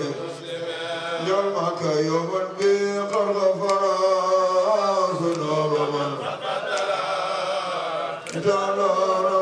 الوافر يومك يوم بي قد فراس نور من تعالى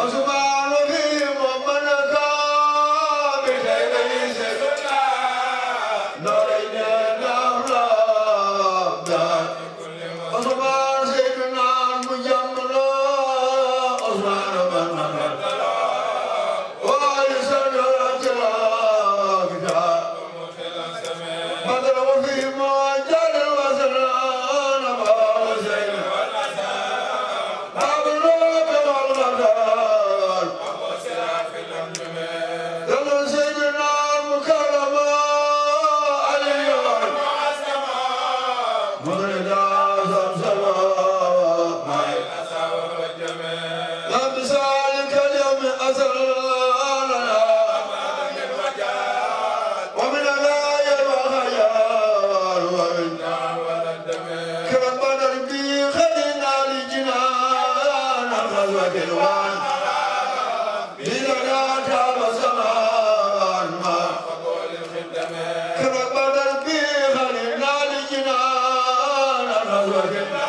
وسلم الله أكبر